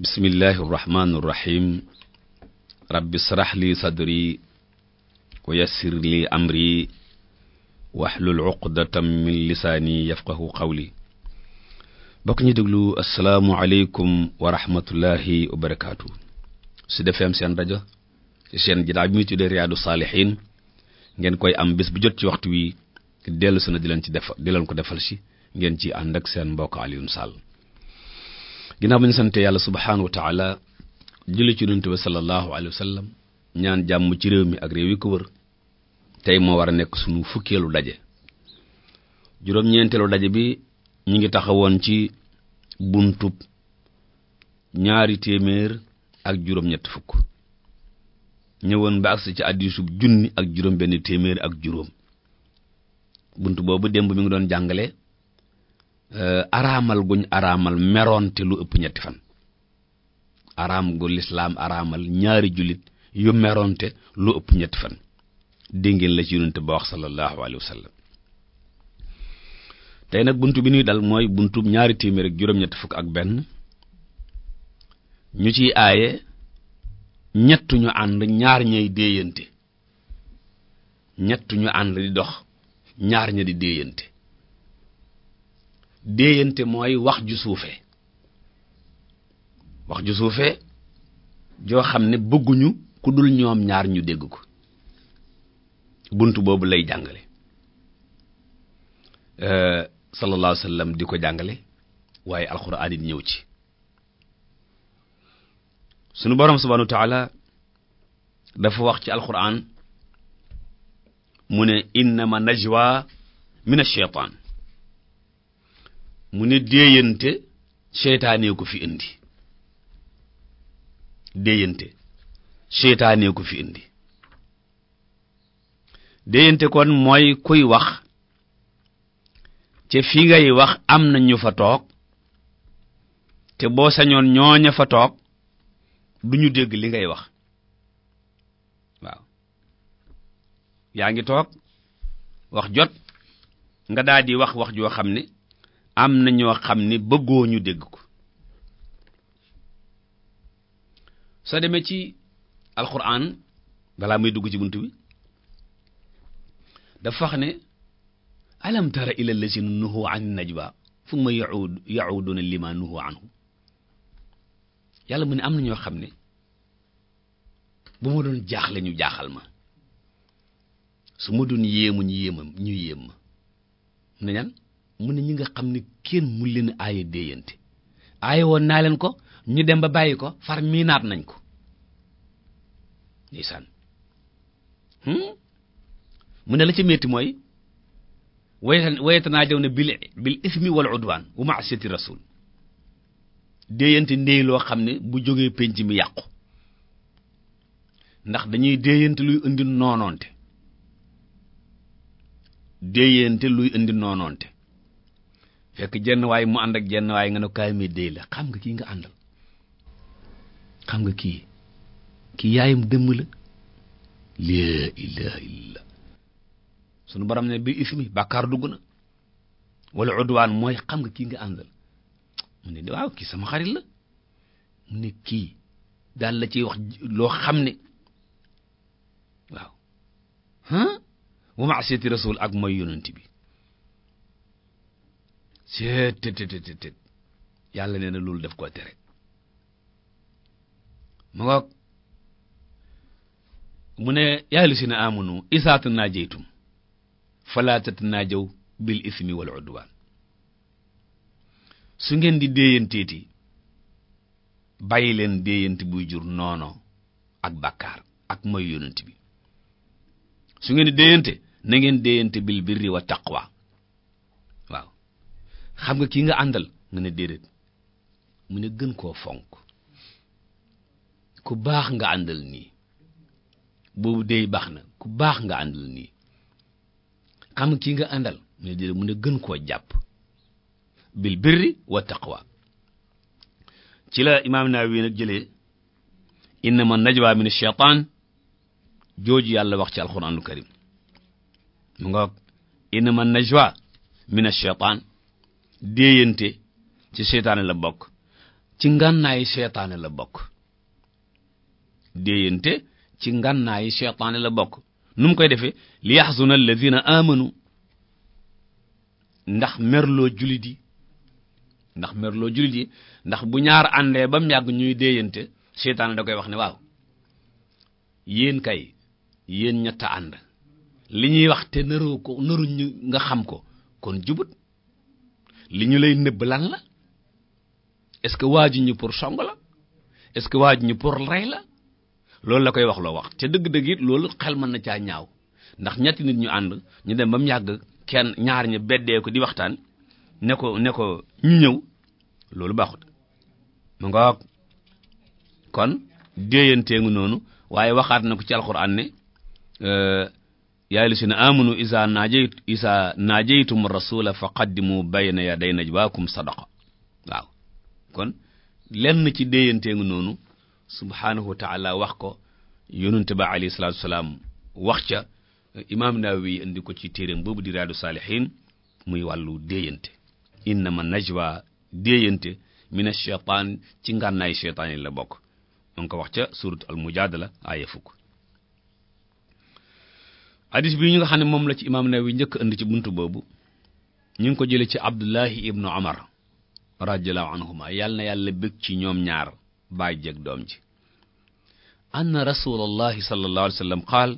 bismillahi irrahmani irrahim rabbi israh li sadri wa yassir li amri wahlul uqdatam min lisaani yafqahu qawli bokk ñu déglu asalaamualeykum wa rahmatullahi wa barakaatu su defee am seen rajo ci seen jataay bi muy tuddee riyaadu saalihiin ngeen koy am bés bu jot ci waxtu wi dellu suna di leen ci def di ko defal si ngeen ci ànd ak seen mbokk Alioune Sall ginnaaw ba ñu sante yàlla subhaanahu wa taala julli ci yonent bi sallallahu alayhi wa sallam ñaan jàmm ci réew mi ak réew yi ko wër tey moo war a nekk suñu fukkeelu daje juróom-ñeenteelu daje bi ñu ngi taxawoon ci buntub ñaari téeméer ak juróom-ñett fukk ñëwoon ba agsi ci addisub junni ak juróom benn téeméer ak juróom bunt boobu démb mi ngi doon jàngale Euh, araamal guñ araamal meroon te lu ëpp ñetti fan araam gu lislaam araamal ñaari jullit yu meronte lu ëpp ñetti fan dégg ngeen la ci yonente ba wax sallallahu alayhi wa tey nag bunt bi ñuy dal mooy buntu ñaari téeméer ak fukk ak benn ñu ciy aaye ñett ñu ànd ñaar ñay déeyante ñett ñu ànd di dox ñaar ña di déeyante déeyante mooy wax ju suufee wax ju suufee joo xam ne bëgguñu ku dul ñoom ñaar ñu dégg ko bunt boobu lay jàngale euh, sallallahu alayhi wasallam di ko jàngale waaye alxuraan it ñëw ci sunu borom subhanahu wa ta'ala dafa wax ci alxuraan mu ne innama najwa min ash-shaytaan mu ne déeyante seytaanee ko fi indi déeyante seytaanee ko fi indi déeyante kon mooy kuy wax te fi ngay wax am na ñu fa toog te boo sañoon ñooña fa toog du ñu dégg li ngay wax waaw yaa ngi toog wax jot nga daldi wax wax joo xam ne am na ñoo xam ne bëggoo ñu dégg ko soo demee ci alquran balaa muy dugg ci bunt bi dafa wax ne alam tara ila lazina nuhu an najwa thumma yaud yauduna lima nuhu anhu yàlla mu ne am na ñoo xam ne bu ma doon jaaxle ñu jaaxal ma su ma doon yéemu ñu yéemam yéem ma ne ñan mu ne ñi nga xam ne kenn mu leen aaya déeyante aaya woon naa leen ko ñu dem ba bàyyi ko far miinaat nañ ko ndeysaan hmm? mu ne la ci metti mooy wayet wayetanaajaw na bil bil ismi wal udwan wa ma'siyati rasul déeyante ndéy loo xam ne bu jógee penc mi yàqu ndax dañuy déeyante luy indi noonoonte déeyante luy indi noonoonte fekk jenn waay mu ànd jenn waay nga ne kaay ma déy xam nga kii nga àndal xam nga kii kii yaayam dëmm la laa ilaha illa sunu borom ne bi ismi bàkkaar dugg na udwaan mooy xam nga kii nga àndal mu ne waaw kii sama xarit la mu ne kii daal la ciy wax loo xam ne waaw ah wa ma'siyati rasul ak mooy yonent bi seet yàlla nee na loolu def koo tere mu mu ne yaalu si na amunu isaata naa jeytum falaatat naa jëw bil ismi wal udwaan su ngeen di déeyanteeti bàyyi leen déeyante buy jur noono ak bàkkaar ak mooy yonent bi su ngeen di déeyante na ngeen déeyante bil birri wa taq wa xam nga kii nga àndal nga ne déedéet mu ne gën koo fonk ku baax nga àndal nii boobu dey baax na ku baax nga àndal nii xam nga kii nga àndal mu ne déedéet gën koo jàpp bil birri wa taqwa ci la imaam Nawawi jële jëlee innama najwa min ash-shaytaan jooju yàlla wax ci alxuraanul karim mu nga innama najwa min ash-shaytaan déeyante ci seytaane la bokk ci ngànnaayi seytaane la bokk déeyante ci ngànnaayi seytaane la bokk nu mu koy defee li yaxzuna alladina amanu ndax merloo jullit yi ndax merloo jullit yi ndax bu ñaar àndee ba mu yàgg ñuy déeyante seytaane da koy wax ne waaw yéen kay yéen ñett ànd li ñuy wax te naroo ko naruñu nga xam ko kon jubut li ñu lay nëbb lan la est-ce que waaju ñu pour song la est que waaju ñu pour rey la loolu la koy wax loo wax ca dëgg-dëgg loolu xel mën na caa ñaaw ndax ñetti nit ñu ànd ñu dem ba mu yàgg kenn ñaar ña beddee ko di waxtaan ne ko ne ko ñu ñëw loolu baaxut mu nga kon déeyantee ngi noonu waaye waxaat na ko ci alxuraan ne euh, yaa ayyuhallazina amanu iza najaytu iza najaytum rasula faqaddimu bayna yaday najwaakum sadaqa waaw kon lenn ci déeyantee nga noonu subhaanahu wa wax ko yonente ba alayhi salaatu wasalaam wax ca imaam Nawawi indi ko ci téeréem boobu di Riyaadu Saalihiin muy wàllu déeyante innama najwa déeyante mina shaytaan ci ngànnaay shaytaan la bokk donc ko wax ca suuratu al mujaadala aaya fukk hadis bii ñu nga xam ne moom la ci imaam Nawawi njëkk indi ci buntu boobu ñu ngi ko jële ci Abdullahi ibnu Umar radiyallahu anhuma yàlla na yàlla bëgg ci ñoom ñaar baay jeeg doom ji anna rasulallahi sallallahu alayhi wa sallam qaal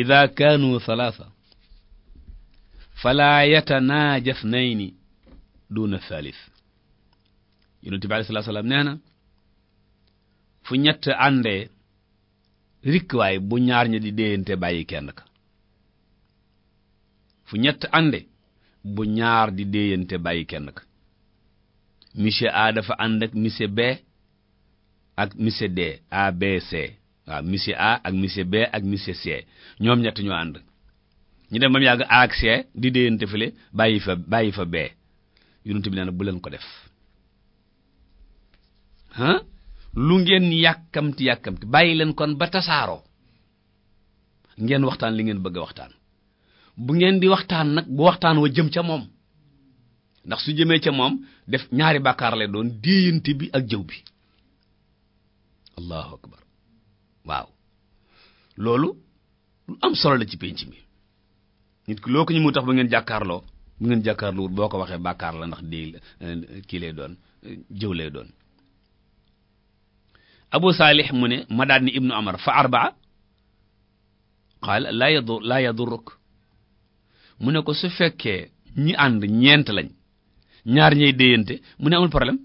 ida kaanu thalatha fala yatanaaja ithnayni duna thalith yonent bi alayhi salaam nee na fu ñett àndee rikkwaay bu ñaar ña di déyante bàyyi kenn ka fu ñett ànde bu ñaar di déyante bàyyi kenn ka monsieur A dafa ànd ak monsieur B ak monsieur D A B C waaw monsieur A ak monsieur B ak monsieur C ñoom ñett ñoo ànd ñu dem ba yàgg A ak C di déyante fële bàyyi fa bàyyi fa B yonent bi nee na bu leen ko def lu ngeen yàkkamti yàkkamti bàyyi leen kon ba tasaaroo ngeen waxtaan li ngeen bëgg a waxtaan bu ngeen di waxtaan nag bu waxtaan wa jëm ca moom ndax su jëmee ca moom def ñaari bàkkaar lay doon déeyante bi ak jëw bi allahu akbar waaw loolu lu am solo la ci penc mi nit ki loo ko ñu mu tax ba ngeen jàkkaarloo bu ngeen jàkkaarloo boo ko waxee bàkkaar la ndax déey eh, kii lay doon eh, jëw lay doon abu saalih mu ne ma daal ni ibnu amar fa arbaa qaala laa yadur mu ne ko su fekkee ñi ànd ñeent lañ ñaar ñey déyante mu ne amul problème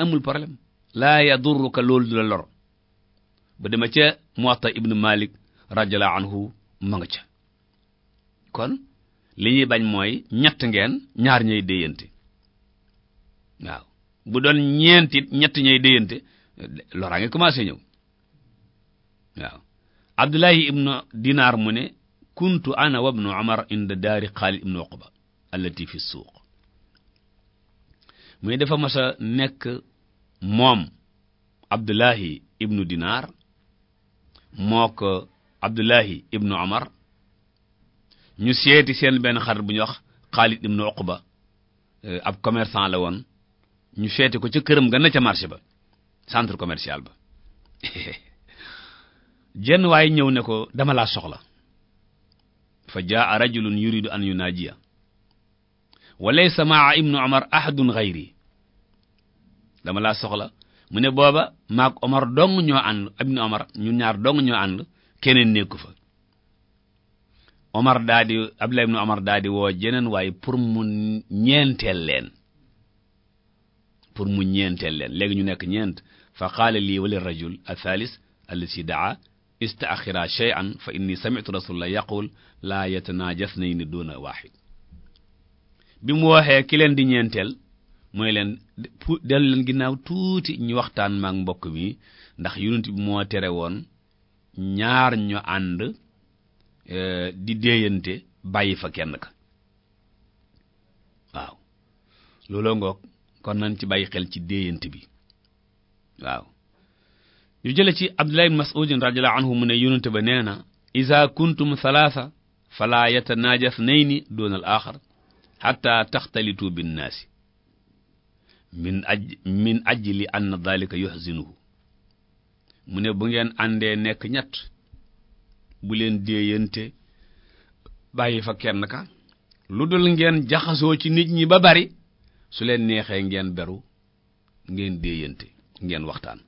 amul problème laa yadurruka loolu du la lor ba dama ca muwatta ibnu malik radiyallahu anhu ma nga ca kon li ñuy bañ mooy ñett ngeen ñaar ñey déyante waaw bu doon ñeent ñett ñey déyante loraa nga commencé ñëw waaw abdullahi ibnu dinaar mu ne kuntu ana wa ibnu umar inda daari xaalid ibnu uqba allati fi suuq mu ne dafa mas nekk moom abdullahi ibnu dinaar moo ko abdullahi ibnu umar ñu seeti seen benn xarit bu ñu wax xaalid ibnu uqba euh, ab commerçant la woon ñu feeti ko ca këram gën na ca marché ba centre commercial ba jenn waaye ñëw ne ko dama laa soxla fa jaa rajulun yuridu an yunaajiya wa laysa maa ibnu omar ahadun ghayri dama laa soxla mu ne booba maak omar dong ñoo ànd ibnu omar ñun ñaar dong ñoo ànd keneen nekku fa omar daa di abdullah ibnu omar daa woo jeneen waaye pour mu ñeenteel leen pour mu ñeenteel leen léegi ñu nekk ñeent fa qaala lii wali rajul athalis allati daa istaaxira shay'an fa inni sami'tu rasulullah yaqul ni yatanaajasnayni duna waahid bi mu waxee ki leen di ñeenteel mooy leen dellu leen ginnaaw tuuti ñu waxtaan maak mbokk mi ndax yonent bi moo tere woon ñaar ñu ànd e, di déeyante bàyyi fa kenn ka waaw looloo ngoog kon nañ ci bàyyi xel ci déeyante bi waaw ñu jële ci Abdullah ibn Mas'ud mu ne yonente ba nee na iza kuntum thalatha fala yatanaaja ithnayni duna al axar hatta taxtalitu binnaasi min aj min ajli anna dhalika yuhzinuhu mu ne bu ngeen àndee nekk ñett bu leen déeyante bàyyi fa kenn ka lu dul ngeen jaxasoo ci nit ñi ba bari su leen neexee ngeen beru ngeen déeyante ngeen waxtaan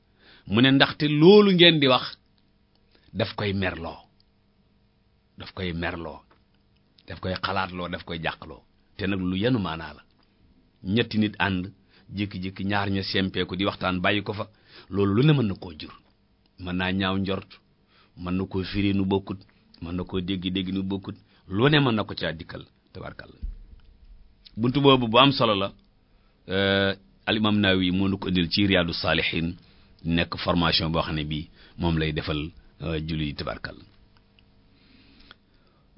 mu ne ndaxte loolu ngeen di wax daf koy merloo daf koy merloo daf koy xalaatloo daf koy jàqloo te nag lu yenu maanaa la ñetti nit ànd jékki-jékki ñaar ña sempeeku di waxtaan bàyyi ko fa loolu lu ne mën na koo jur mën naa ñaaw njort mën na koo firi nu bokkut mën na koo dégg-dégg nu bokkut lu ne mën na ko caa dikkal tabarkàlla bunt boobu bu am solo la Euh, al imam Nawawi moo nu ko indil ci Riyadu Saalihin nekk formation boo xam ne bii moom lay defal euh, julli tabarkal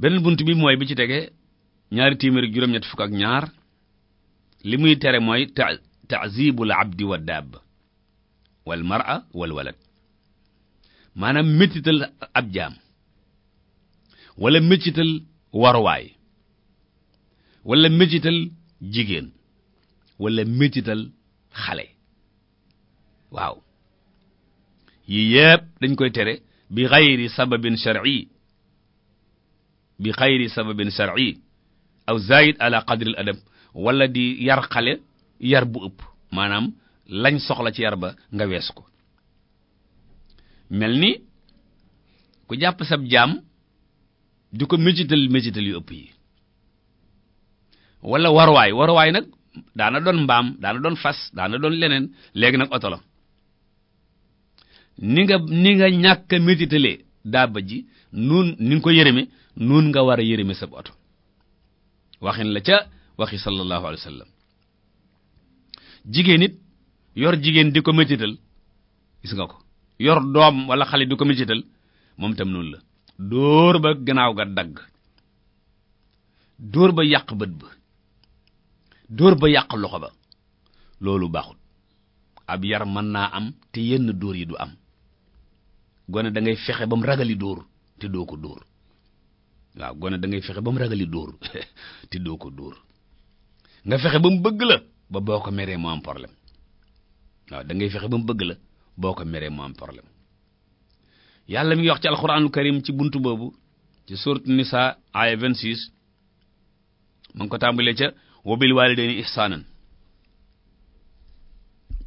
beneen bunt bi mooy bi ci tege ñaari téeméeri juróom-ñett fukk ak ñaar li muy tere mooy ta ta'zibul abdi wa daab wal mar'a wal walad maanaam métital ab jaam wala métital waruwaay wala métital jigéen wala métital xale waaw yii yëpp dañ koy tere bi xayri sababin shar'i bi xayri sababin shar'i aw zaid ala qadril adab walla di yar xale yar bu ëpp maanaam lañ soxla ci yar ba nga wees ko mel ni ku jàpp sab jaam di ko métital métital yu ëpp yi wala warwaay warwaay nag daana doon mbaam daana doon fas daana doon leneen léegi nag oto la ni nga ni nga ñàkk a métitale daaba ji nun ni nga ko yërëme nun nga war a yërëme sab oto waxin la ca waxi sallallahu alayhi wa sallam jigéen it yor jigéen di ko métital gis nga ko yor doom walla xale di ko métital moom tam noonu la dóor ba gannaaw ga dagg dóor ba yàq bët ba dóor ba yàq loxo ba loolu baaxul ab yar mën naa am te yenn dóor yi du am gone dangay fexe ba mu ragali dóor te doo ko dóor waaw gone da ngay fexe ba mu ragali dóor te doo ko dóor nga fexe ba mu bëgg la ba boo ko meree mu am problème waaw da fexe ba mu bëgg la boo ko meree mu am problème yàlla mi ngi wax ci alxuraanul karim ci buntu boobu ci sourate sa aaya 26 mu ngi ko tàmbalee ca. wa bil waalidayni ihsaanan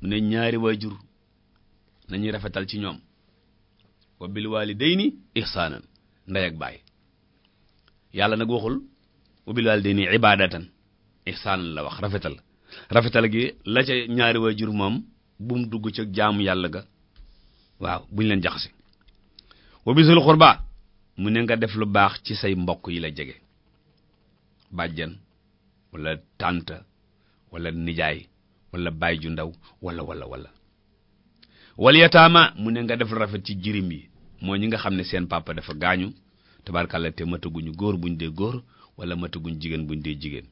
mu ne ñaari waajur nañuy rafetal ci ñoom wa bil ni ihsaanan ndey ak baay yàlla nag waxul wa bil waalidayni ibaadatan ihsaanan la wax rafetal rafetal gi la ca ñaari waajur moom bu dugg ca jaamu yàlla ga waaw bu ñu leen jaxase wa bisul mu ne nga def lu baax ci say mbokk yi la jege bàjjen wala tànta wala nijaay walla baay ju ndaw wala wala wala wal yataama mu ne nga def lu rafet ci jirim yi moo ñi nga xam ne seen papa dafa gaañu tabarkàlla te mataguñu góor buñ dee góor wala mataguñ jigéen buñ dee jigéen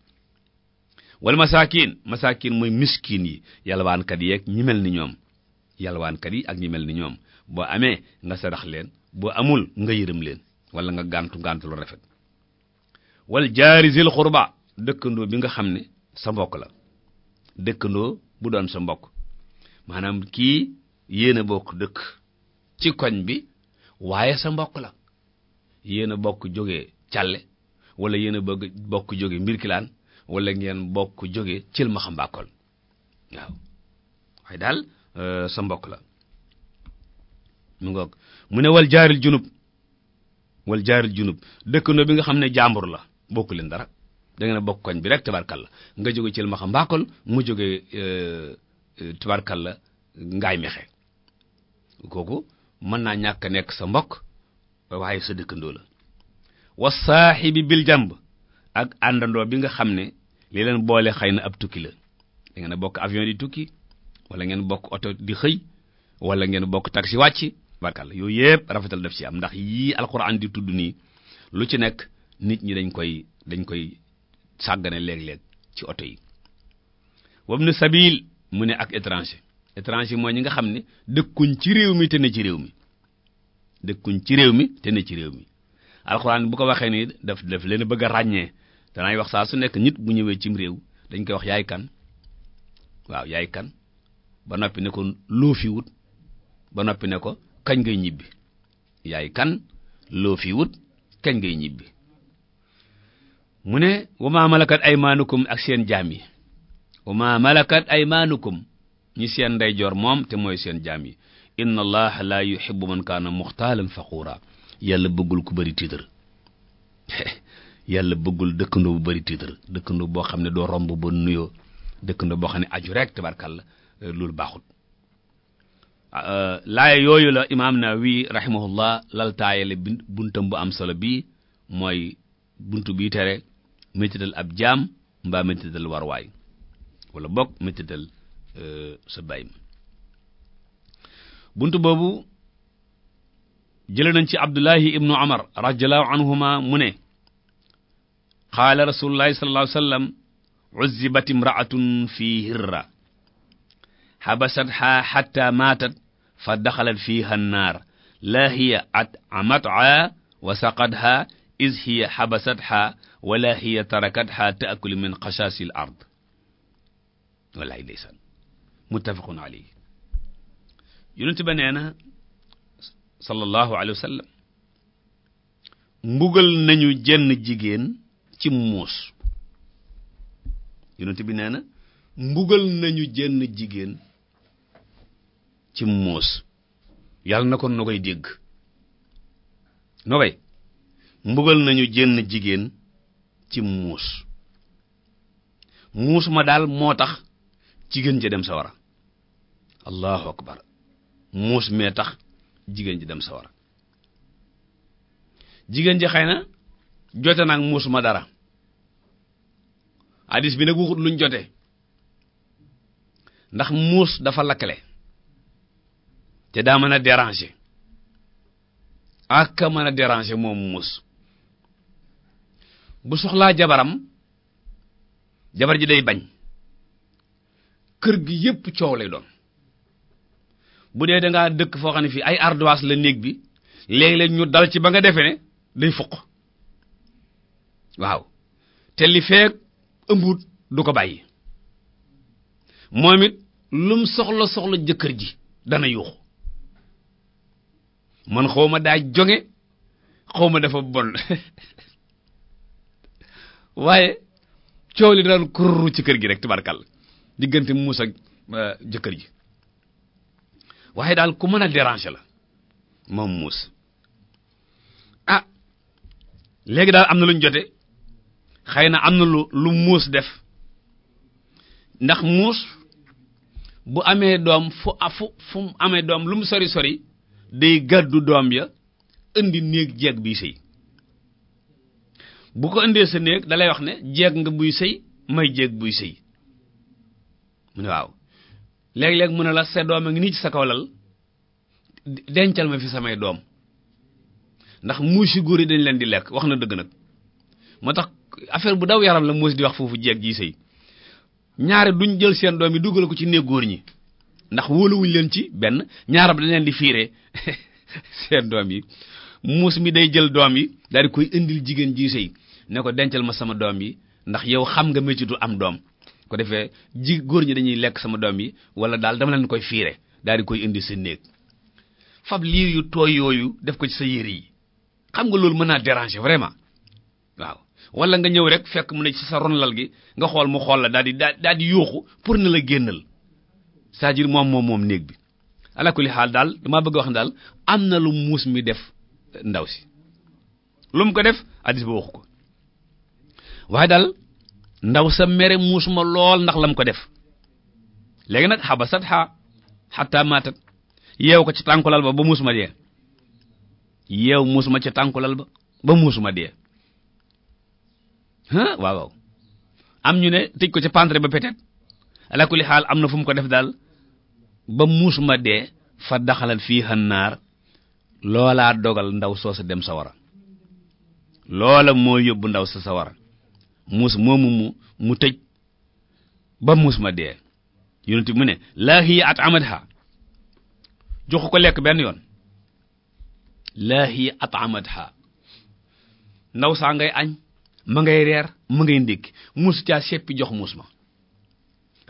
wal masaakin masaakin mooy miskin yi yalwaankat yi ak ñi mel ni ñoom yalwaankat yi ak ñi mel ni ñoom boo amee nga sarax leen boo amul nga yërëm leen wala nga gàntu gàntu lu rafet wal jaari zil xurba dëkkandoo bi nga xam ne sa mbokk la dëkkandoo bu doon sa mbokk maanaam kii yéen a bokk dëkk ci koñ bi waaye sa mbokk la yéen bokk jóge càlle wala yéen a bëgg bokk jóge mbirkilaan wala ngeen bokk jóge cil ma xambaakool waaw waaye daal euh, sa mbokk la mu ngoog mu ne wal jaaril junub wal jaaril junub dëkkandoo bi nga xam ne jàmbur la bokku leen dara da ngeen bokk koñ bi rek tabarkalla nga jóge ci Cilmaxa Mbakol mu jóge la Ngaay xe kooku mën naa ñàkk a nekk sa mbokk waaye sa dëkkandoo la wa saaxibi bil jàmb ak àndandoo bi nga xam ne li leen boole xëy na ab tukki la dangeen a bokk avion di tukki wala ngeen bokk oto di xëy wala ngeen bokk taxi wàcc barkalla yooyu yëpp rafetal def ci am ndax yii alxuraan di tudd nii lu ci nekk nit ñi dañ koy dañ koy sàggane léeg-léeg ci oto yi wabnu sabil mu ne ak étranger étranger mooy ñi nga xam ne dëkkuñ ci réew mi te ne ci réew mi dëkkuñ ci réew mi te ci réew mi alxuraan bu ko waxee ni daf daf leen bëgg a ràññee danaay wax saa su nekk nit bu ñëwee cim réew dañ koy wax yaay kan waaw yaay kan ba noppi ne ko loo fi wut ba noppi ne ko kañ ngay ñibbi yaay kan loo fi wut kañ ngay ñibbi mu ne wa maa malakat aymaanukum ak seen jaam yi wa maa malakat aymaanukum ñi seen ndeyjoor moom te mooy seen jaam yi inna allaha la yuhibbu man kaana muxtaalan faquura yàlla bëggul ku bëri tiitar yàlla bëggul dëkkandoo bu bëri tiitar dëkkandoo boo xam ne doo romb ba nuyoo dëkkandoo boo xam ne aju rek la loolu baaxut laay yooyu la imaam Nawawi rahimahullah lal taayale buntam bu am solo bii mooy bunt bii tere mettital ab jaam mbaa mettital warwaay wala bokk mettital euh, sa baay bunt boobu jële nañ ci abdullahi ibnu amar radiyallahu anhuma mu ne qaala rasulullahi sallallahu alayhi wasallam uzzibat imra'atun fi hirra habasatha hatta maatat fa daxalat fiha an-naar laa hiya at'amatha wa saqatha iz hiya habasatha wala hiya tarakat ha taakulu min xasaasil ard wallaay ndeysaan muttafaqun alayhi yonent ba nee na sallallahu alayhi wa sallam mbugal nañu jenn jigéen ci muus yonent na mbugal nañu jenn jigéen ci muus yàlla na ko no koy dégg no mbugal nañu jenn jigéen ci muus muus ma daal moo tax jigéen ji dem sawara allahu akbar muus mee tax jigéen ji dem sawara jigéen ji xëy na jote nag muus ma dara hadis bi nag lu luñ jote ndax muus dafa lakkale te daa mën a déranger ak mën a déranger moom muus bu soxlaa jabaram jabar ji day bañ kër gi yépp coow lay doon bu dee danga dëkk foo xam ne fii ay ardoise la néeg bi léeg-léeg ñu dal ci ba nga defee ne day fuq waaw te li feek ëmbut du ko bàyyi moom it lum soxla soxla jëkkër ji dana yuux man xaw ma daa jonge xaw ma dafa bon waaye coow li daan kurru ci kër gi rek tubarkàlla diggante muus ak euh, jëkkër ji waaye daal ku mën a déranger la moom muus a ah, léegi daal am na lu ñu jote xëy na am na lu lu muus def ndax muus bu amee doom fu fu fu amee doom lu mu sori sori day gàddu doom ya indi néeg jeeg bii sëy bu ko indee sa néeg dalay wax ne jeeg nga buy sëy may jéeg buy sëy mu ne waaw léeg-léeg mun ne la sa doom a ngi nii ci sa kaw lal dencal ma fi samay doom ndax muus yu góor yi dañ leen di lekk wax na dëgg nag moo tax affaire bu daw yaram la muus di wax foofu jeeg ji sëy ñaari duñ jël seen doom yi dugal ko ci néeg góor ñi ndax wóoluwuñ leen ci benn ñaarab dañ leen di fiire seen doom yi muus mi day jël doom yi daal koy indil jigéen ji sëy ne ko dencal ma sama doom yi ndax yow xam nga méccitu am doom ko defee ji góor ñi dañuy lekk sama doom yi wala daal dama leen koy fiire daal di koy indi sa néeg fab liir yu tooy yooyu def ko ci sa yére yi xam nga loolu mën naa déranger vraiment waaw wala nga ñëw rek fekk mu ne ci sa ronlal nga xool mu xool la daal di daal di yooxu pour ne la génnal c'est-à-dire moom néeg bi ala kulli daal damaa bëgg wax ne daal am na lu muus mi def ndaw si lu ko def addis ba waxu ko waaye daal ndaw sa mere muusuma lool ndax lam ko def léegi nag xabasat xa xataa maatat yeew ko ci tànkulal ba ba muusuma dee yeew muusuma ci tànkulal ba ba ma dee ah waaw waaw am ñu ne tëj ko ci pentre ba peut-être alakuli xaal am na fu mu ko def daal ba ma dee fa daxalal fii xannaar loolaa dogal ndaw soo sa dem sawara loola moo yóbbu ndaw sa sawara muus moomu mu tëj ba muus ma dee yonent mu ne laa at amatha joxu ko lekk benn yoon laa at amatha ndaw saa ngay añ ma ngay reer ma ngay ndékki muus caa seppi jox muus ma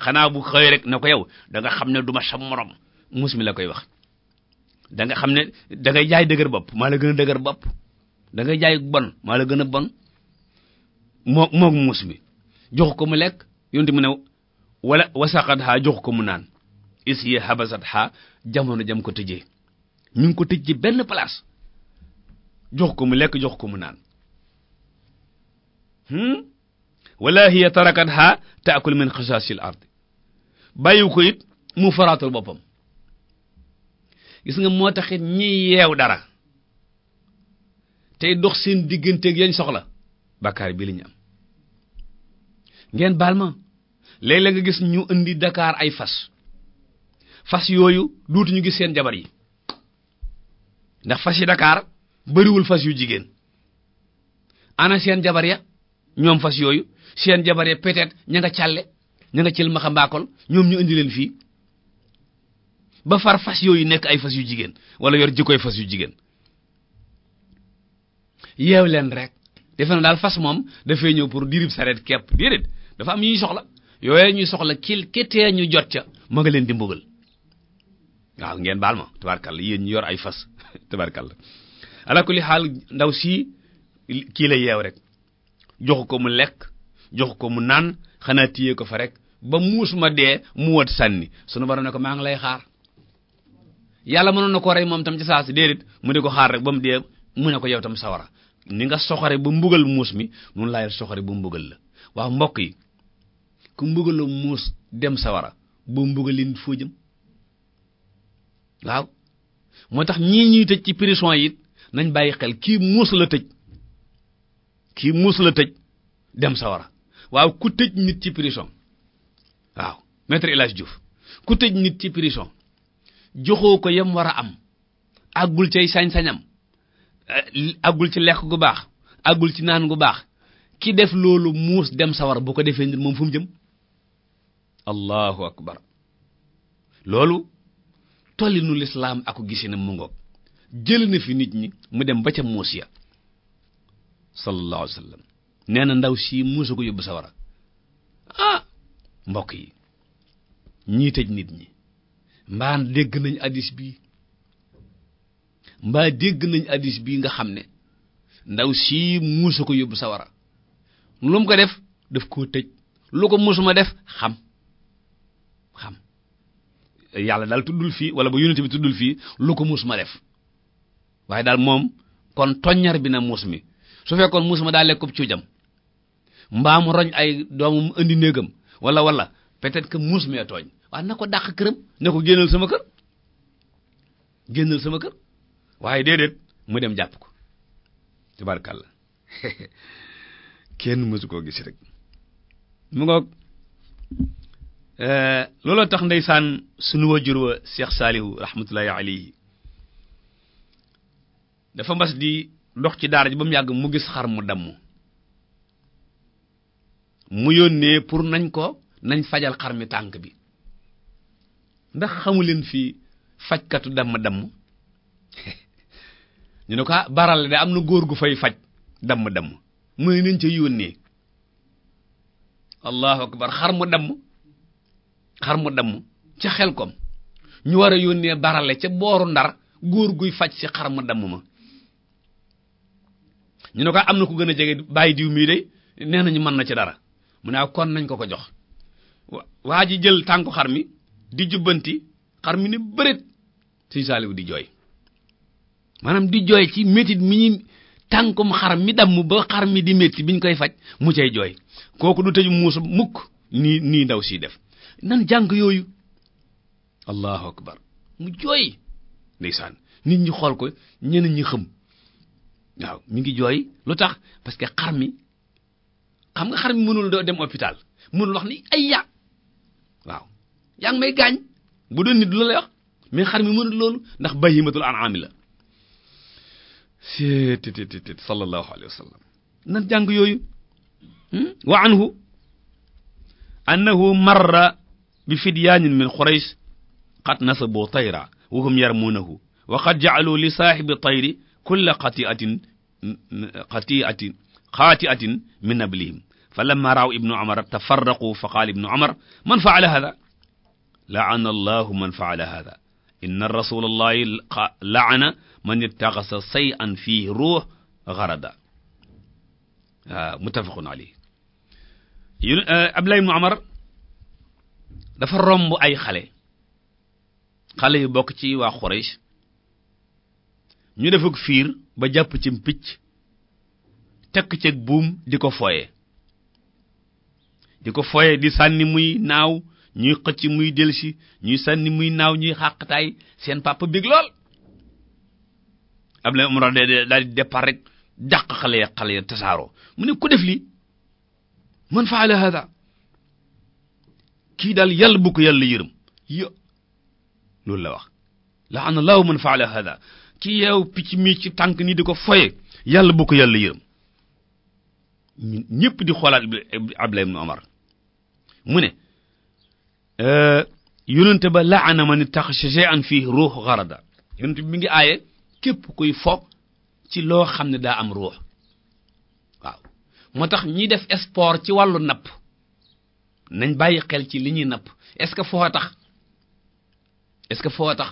xanaa bu xëy rek ne ko yow danga xam ne duma sa morom muus mi la koy wax da nga xam ne dangay ngay jaay dëgër bopp maa la gën a dëgër bopp da ngay jaay bon maa la gën a bon moo moog muus mi jox ko mu lekk yonte mu ne wala wasaqat xaa jox ko mu naan ici habasat xaa jamono jam ko tëjee ñu ngi ko tëj ci benn place jox ko mu lekk jox ko mu naan hmm? walla hiya tarakat xaa taakul min xisaasil ard bàyyi ko it mu faraatal boppam gis nga moo taxit ñiy yeew dara tey dox seen digganteeg yañ soxla bàkkaar bi li ñu am ngeen baal ma léeg-léeg nga gis ñu indi dakaar ay fas fas yooyu duutu ñu gis seen jabar yi ndax fas yi dakaar bariwul fas yu jigéen ana seen jabar ya ñoom fas yooyu seen jabar ya peut ña nga càlle ña nga cil maxambaakol ñoom ñu indi leen fii ba far fas yooyu nekk ay fas yu jigéen wala yor jikkoy fas yu jigéen yeew leen rek defe na daal fas moom dafay ñëw pour dirib sareet kepp déedéet dafa am ñuy soxla yooye ñuy soxla kil ketee ñu jot ca ma leen di mbugal waaw ngeen baal ma tabarkalla yéen ñu yor ay fas tabarkalla ala kulli xaal ndaw sii kii la yeew rek joxu ko mu lekk joxu ko mu naan xanaa téye ko fa rek ba muus ma dee mu wët sànni sunu borom ne ko maa ngi lay xaar yàlla mënoon na ko rey moom tam ci saa si déedéet mu di ko xaar rek ba mu dee mu ne ko yow tam sawara ni nga soxare ba mbugal muus mi noonu laay soxare bu mbugal la waaw mbokk yi ku mbugalu muus dem sawara boo mbugalin foo jëm waaw moo tax ñii ñuy tëj ci prison yi nañ bàyyi xel kii muus la tëj kii muus la tëj dem sawara waaw ku tëj nit ci prison waaw maître El Hadj Diouf ku tëj nit ci prison joxoo ko yam war a am àggul cay sañ-sañam eh, àggul ci lekk gu baax àggul ci naan gu baax ki def loolu muus dem sawar bu ko defee nit moom fu mu jëm allahu akbar loolu tollinu lislaam ako gisina mu ngoog jël na fi nit ñi mu dem ba ca muus ya sallallahu alayhi sallam nee na ndaw si muusa ko yóbbu sawara ah mbokk yi ñii tëj nit ñi mbaa dégg nañ addis bii mbaa dégg nañ addis bii nga xam ne ndaw sii muusa ko yóbbu sawara lu mu ko def def koo tëj lu ko muusuma def xam xam yàlla daal tuddul fii wala ba yonent bi tuddul fii lu ko muusuma def waaye daal moom kon toññar bi na muus mi su fekkoon muusuma daa lekk ko cuujam mbaam mu roñ ay doomu indi néegam wala wala peut-être que muus mee tooñ waaw na ko dàq këram na ko génnal sama kër génnal sama kër waaye déedéet mu dem jàpp ko tabarkàlla kenn mësu koo gis rek mu ngoog eh, looloo tax ndeysaan sunu wajur wa Cheikh Salihu rahmatullahi alayhi dafa mas di dox ci daara ji ba mu yàgg mu gis xar mu damm mu yónnee pour nañ ko nañ fajal xar mi tànk bi ndax xamuleen fii fajkatu damm-damm ñu ne ko ah de am na góor gu fay faj damm-damm mooy nañ ca yónnee allahu akbar xar mu damm xar mu damm ca xel kom ñu war a yónnee barale ca booru ndar góor guy faj si xar mu damm ma ñu ne ko ah, am na ko gën a jege bàyyi diw mii de nee nañu mën na ci dara mu ne ah, kon nañ ko ko jox waa ji jël tànku xar mi di jubbanti xar mi ne bëreet suñu saaliwu di jooy maanaam di jooy ci métit mi ñu tànkum xar mi damm ba xar mi di métti bi ñu koy faj mu cay jooy kooku du tëju muusu mukk nii nii ndaw si def nan jàng yooyu allahu akbar mu jooy ndeysaan nit ñi xool ko ñeneen ñi xëm waaw mi ngi jooy lu tax parce que xar mi xam nga xar mi mënul doo dem hôpital mënul wax ni ayya waaw yaa ngi may gaañ bu doon nit du la lay wax mais xar mi mënul loolu ndax bahimatul an'am la stt sallallahu alayhi wa sallam nan jàng yooyu hmm? wa anhu annahu marra bi fidyaanin min quraysh qad nasabu tayra wa hum yarmunahu wa qad ja'alu li saahibi tayri kulla qati'atin qati'atin qati'atin min nablihim falamma ra'aw ibnu umar tafarraqu fa qala ibnu umar man fa'ala hadha laana allahu man faala hada inna rasulallahi laana man ittaxasa say an fii ruux garada waaw muttafaqun alayhi yun Abdullah ibn dafa romb ay xale xale yu bokk ci waa Quraysh ñu defuk fiir ba jàpp ci picc tekk ceeg buum di ko fooye di ko fooye di sànni muy naaw ñuy xëcc muy delsi ñuy sànni muy naaw ñuy xàqtaay seen papa bég lool ab la umra daal di départ rek dàq xale ya xale tasaaroo mu ne ku def lii man faala hada kii daal yàlla bu ko yàlla yërëm yo loolu la wax laana laahu man faala hada kii yeew picc mi ci tànk ni di ko foye yàlla bu ko yàlla yërëm ñun ñëpp di xoolaat Abdullah ibn Umar mu ne Euh, yonente ba laana tax ittaxaza shay'an fii ruux garada yonente bi mi ngi aaye képp kuy fo ci loo xam ne daa am ruux waaw moo tax ñi def sport ci wàllu napp nañ bàyyi xel ci li ñuy napp est-ce que foo tax est que foo tax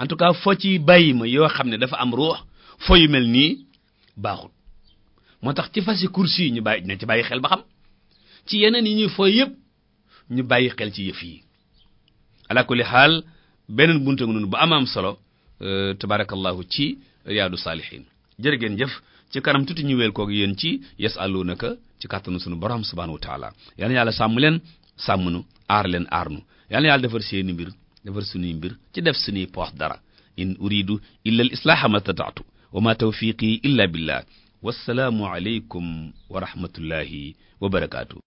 en tout cas fo ci bàyyi ma yoo xam ne dafa am ruux fo yu mel nii baaxut moo tax ci fasi kursi yi ñu bàyyi nañ ci bàyyi xel ba xam ci yeneen yi ñuy fo yëpp ñu bàyyi xel ci yëf yi ala kulli xaal beneen bunte ngi noonu bu amaam solo euh, tabarakallahu ci riyaadu saalihiin jërë ngeen jëf ci kanam tuuti ñu weel koog yéen ci yasalunaka ci kattanu sunu borom subhaanahu wa taala yal na yàlla sàmm leen sàmm nu aar leen aar nu yal na yàlla defar seeni mbir defar sunuy mbir ci def sunuy poos dara in uridu illa al islaaha ma stata'tu wa ma tawfiqi illa billah wassalaamu aleykum wa rahmatullahi wa barakaatu